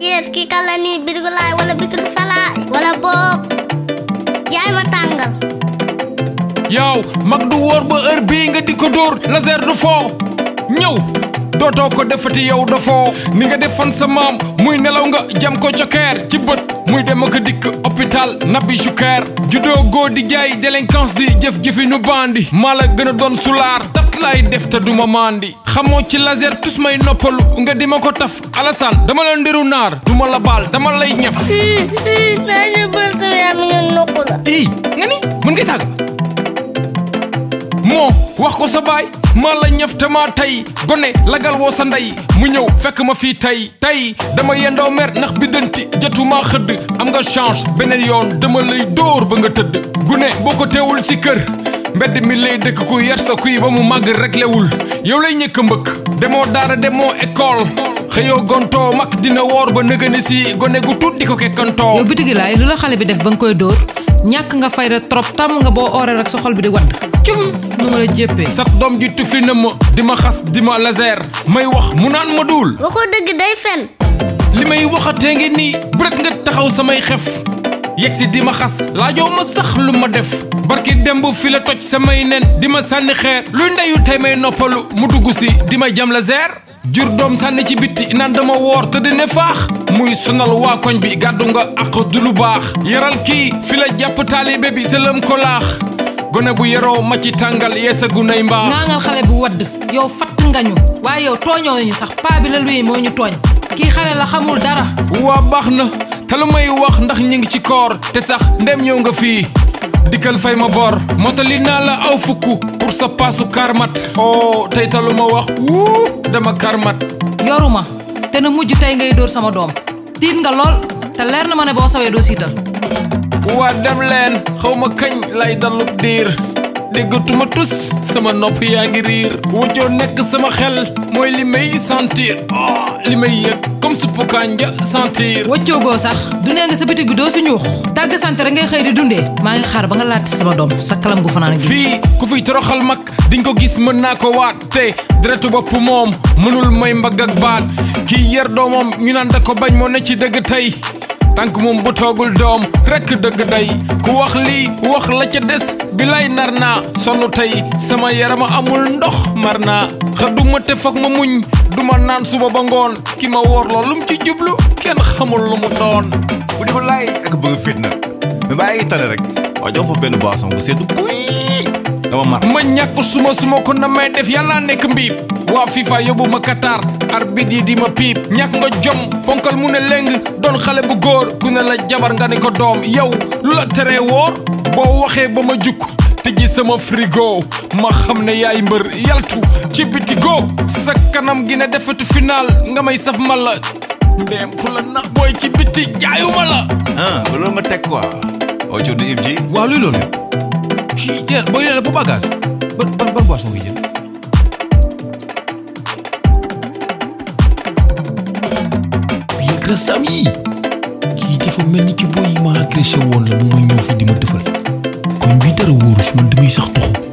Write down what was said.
yes ki kan la nii birgulaay wala bikiru salaa wala boog jaay ma tàngal yow mag du wóor ba heure bii nga di ko dóor laser du foo ñëw dootoo ko defati yow dafoo ni nga defoon sa maam muy nelaw nga jam ko cokkeer ci bët muy dem ak dikk hôpital nabi sukeer juddoo góor di jaay délinquance di jëf jëfinu bandi maa la gën a doon sulaar mat def te duma mandi xamoo ci laser tus may noppalu nga di ma ko taf Alassane dama la ndiru naar duma la baal dama lay ñaf dañu bën sa yaam nga nokku la i nga ni mën ngay saaga moo wax ko sa baay maa la ñaf te maa tay gone lagal woo sa ndey mu ñëw fekk ma fii tay tay dama yendoo mer ndax bi dënti jotuma xëdd am nga change beneen yoon dama lay dóor ba nga tëdd gune boo ci kër mbedd mi lay dëkk ku yar sa kuy ba mu màgg rek lewul yow lay ñëkk mbëkk demoo daara demoo école xëyoo gontoo mag dina woor ba nëgëne si gone gu tuut di ko kekkantoo yow bitigi laay lu la xale bi def ba nga koy dóor ñàkk nga fayra trop tam nga boo ooree rek sa xol bi di wadd cum nu ma la jéppee sax doom ji tufi na ma di ma xas di ma laser may wax mu naan ma duul waxoo dëgg day fen li may waxatee ngi nii bërët nga taxaw samay xef yegg si di ma xas laajoo ma sax lu ma def barki demb fi la toj samay nen di ma sànni xeer luy ndeyu tey may noppalu mu dugg si di ma jam la zeer jur doom sànni ci bitti naan dama woor te di ne faax muy sonal waa koñ bi gàddu nga ak du lu baax yaral kii fi la jàpp taalibe bi sëlëm ko laax gone bu yeroo ma ci tàngal yeesa gunay mbaax naangal xale bu wadd yow fatt nga ñu waaye yow tooñoo ñu sax paa bi moo ñu tooñ kii xale la xamul dara waa te lu wax ndax ñu ngi ci koor te sax ndem ñëw nga fii dikkal fay ma bor mottali naa la aw fukku pour sa paasu karmat oh tey te lu ma wax wuu dama karmat yoruma te na mujj tey ngay dóor sama doom tiit nga lool te leer na ma ne boo sawee doo siital waa dem leen xaw ma kañ lay dalub diir déggatuma tus sama nopp yaa ngi riir wujjoo nekk sama xel mooy li may sentir oh, li may yëg comme suppu kànja sentir waccoogoo sax du nee nga sa bitig bi doo si ñuux tàgg santé rek ngay xëy di dundee maa ngi xaar ba nga laati sama doom sa kalam gu fanaan gi fii ku fiy toroxal mag diñ ko gis mën naa ko waat te deretu bopp moom mënul may mbagg ak baat kii yar doomam ñu naan da ko bañ moo ne ci dëgg tey tànk moom bu toogul doom rekk dëgg day ku wax lii wax la ca des bilay nar naa sonn tey sama yarama amul ndox mar naa xaduma te foog ma muñ duma naan suba ba ngoon ki ma woor loolu mu ci jublu kenn xamul lu mu doon bu di ko laay ak bëgg fitna mais bàyyi ngi tane rek waa jox fa benn boisson bu sedd kuy dama mar ma ñàkk suma suma ko na may def yàlla nekk mbiib waa FIFA yóbbu ma Qatar arbitre yi di ma piip ñàkk nga jom ponkal mu ne leng doon xale bu góor ku ne la jabar nga ne ko doom yow lu la teree woor boo waxee ba ma jukk tijji sama frigo ma xam ne yaay mbër yaltu ci bitigo sa kanam gi ne defetu final nga may saf ma la ndeem ku la nax booy ci biti jaayuma la ah loolu ma teg quoi aujourd' hui ji. waaw luy loolu yow. kii jeex booy yore la bu bagage ban ban ban boisson ngay jël. sam yi kii dafa mel ni ci booy yi ma agressé woon la mu may ñëw fii di ma dëfal koñ bi dara wóoru si man damay sax toxu